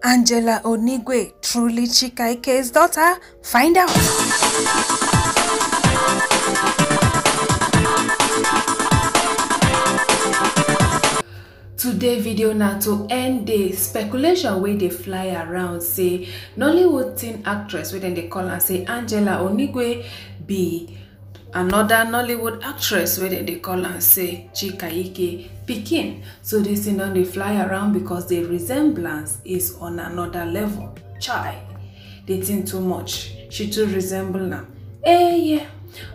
Angela Onigwe, truly Chika Ike's daughter? Find out. Today video na to end the speculation wey dey fly around say Nollywood teen actress wey dem dey call am say Angela Onigwe be Another nollywood actress wey dem dey call am say chika ike pikin so dis thing don dey fly around because the resemblance is on another level chai di thing too much she too resemble am eh yeah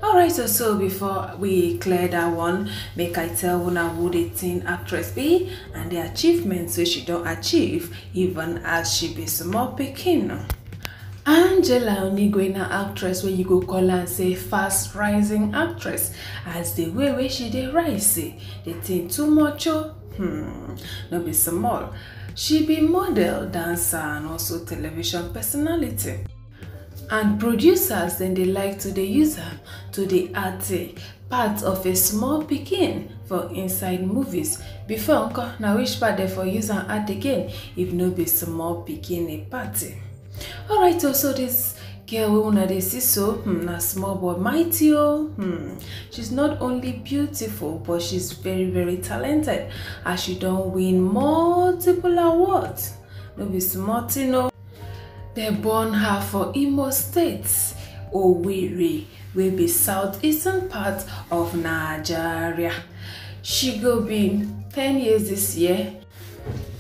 alright so so before we clear that one make i tell una who di teen actress be and the achievements wey she don achieve even as she be small pikin angela onigwe na actress wey you go call am say fast rising actress as the way wey she dey rise eh the thing too much o oh. hmm, no be small she be model dancer and also television personality and producers dem dey like to dey use am to dey act eh, part of a small pikin for inside movies before nkan na which part dem for use am act again if no be small pikin a party. Eh alright o oh, so this girl we una dey see so hmm, na small but mighty oh. hmm. she's not only beautiful but she's very very talented as she don win multiple awards no be smart, you oh. know. They born her for imo states, owerri will be southeastern part of nigeria she go be ten years this year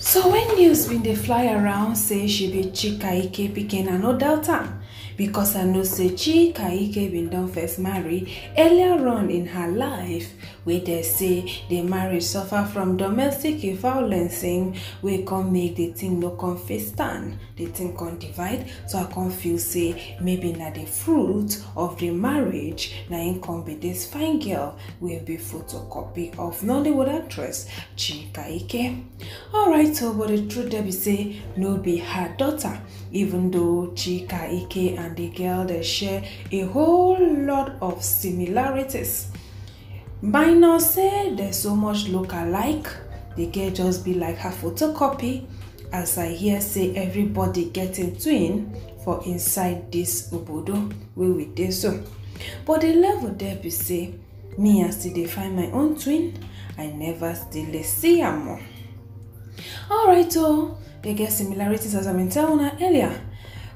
so when news bin dey fly around say she be chika ike pikin and no doubt am because I know Anosechi Kaike bin don't first marry earlier on in her life Where they say the marriage suffer from domestic violencing we can make the thing no come fit stand thing can come divide so i can feel say maybe na the fruit of the marriage na im come be this fine girl will be photocopy of nollywood actress chika ike alright so but the truth dey be say no be her daughter even though chika ike and the girl they share a whole lot of similarities minor say there's so much look alike the girl just be like her photocopy as i hear say everybody getting twin for inside this obodo wey we dey so but the level there be say me i still dey find my own twin i never still dey see am more alright o oh, so, they get similarities as i been tell una earlier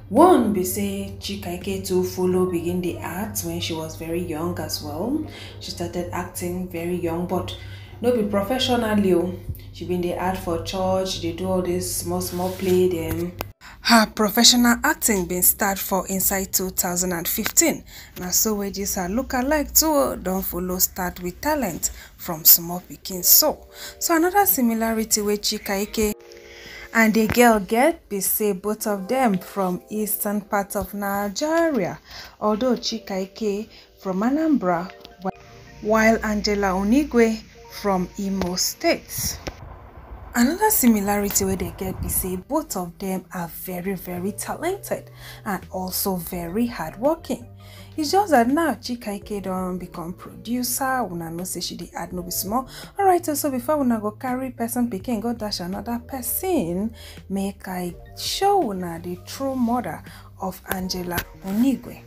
One be say Chika Iketu begin the arts when she was very young as well. She started acting very young, but no be professionally. Oh. She been the art for church, they do all this small small play them. Her professional acting been start for inside 2015. Now so where this her look alike too oh. don't follow start with talent from small picking so. So another similarity with Chika Ike and the girl get say both of them from eastern part of Nigeria, although Chikaike from Anambra, while Angela Onigwe from Imo State. Another similarity where they get be say both of them are very very talented and also very hardworking. It's just that now Chika Ike don become producer, una no say she dey add no be small. Alright so before una go carry person and go dash another person, make I show una the true mother of Angela Onigwe.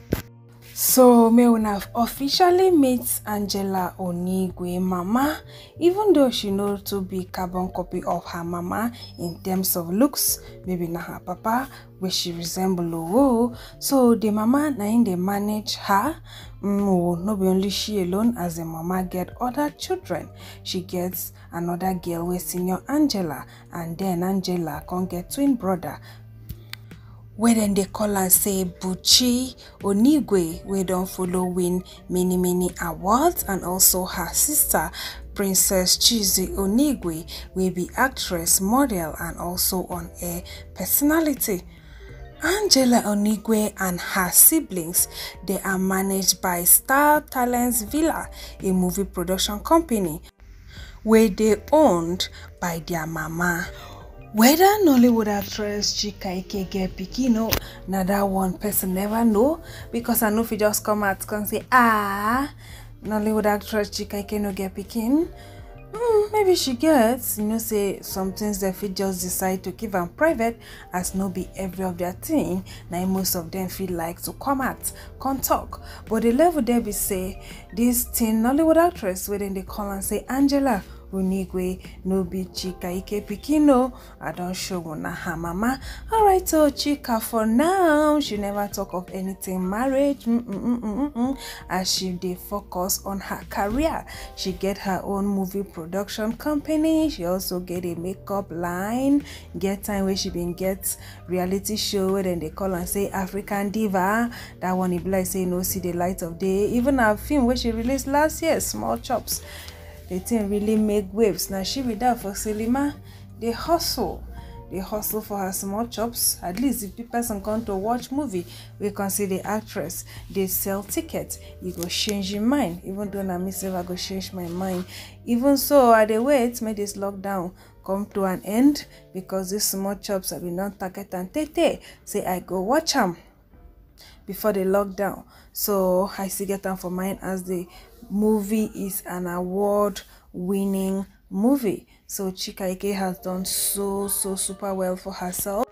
So may una have officially met Angela Onigwe mama even though she know to be carbon copy of her mama in terms of looks maybe na her papa where she resemble owo so the mama na im dey manage her mm, no be only she alone as a mama get other children she gets another girl wey senior angela and then angela can get twin brother Wherein dem dey call and say Buchi Onigwe, do don follow win many many awards, and also her sister Princess Chizi Onigwe, will be actress, model, and also on-air personality. Angela Onigwe and her siblings, they are managed by Star Talents Villa, a movie production company, where they owned by their mama. Whether Nollywood actress Chika Ike get Pikino, now that one person never know because I know if you just come out and say, ah, Nollywood actress Chika Ike no get Pikin. Hmm, maybe she gets you know say some things dem fit just decide to keep them private as no be every of their thing Now most of them feel like to come out come talk but the level there be say this teen nollywood actress within the call and say angela Unigwe no be Chika Ike Pikino. I don't show una her mama. All right, so oh, chica for now, she never talk of anything marriage mm -mm -mm -mm -mm, as she they focus on her career. She get her own movie production production company she also get a makeup line get time where she been get reality show wey dem dey call and say african diva That one in black say no see the light of day even her film where she released last year small chops the thing really make waves Now she be dat for Selima, they hustle They hustle for her small chops. At least if the person come to watch movie, we can see the actress. They sell tickets. You go change your mind. Even though I miss sef I go change my mind. Even so, I the wait make this lockdown come to an end because these small chops I been don target and tete say I go watch them before the lockdown. So I still get them for mine as the movie is an award winning movie. So Chika Ike has done so so super well for herself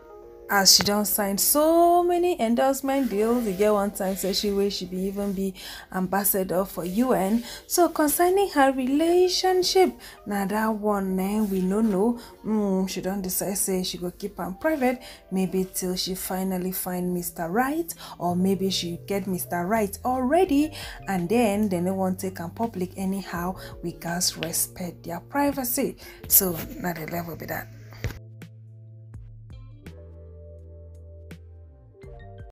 as she don sign so many endorsement deals the get one time say she wish she be even be ambassador for un so concerning her relationship now that one name we no know mm, she don't decide say she go keep on private maybe till she finally find mr right or maybe she get mr right already and then they won't take on public anyhow we gats respect their privacy so now the level be that.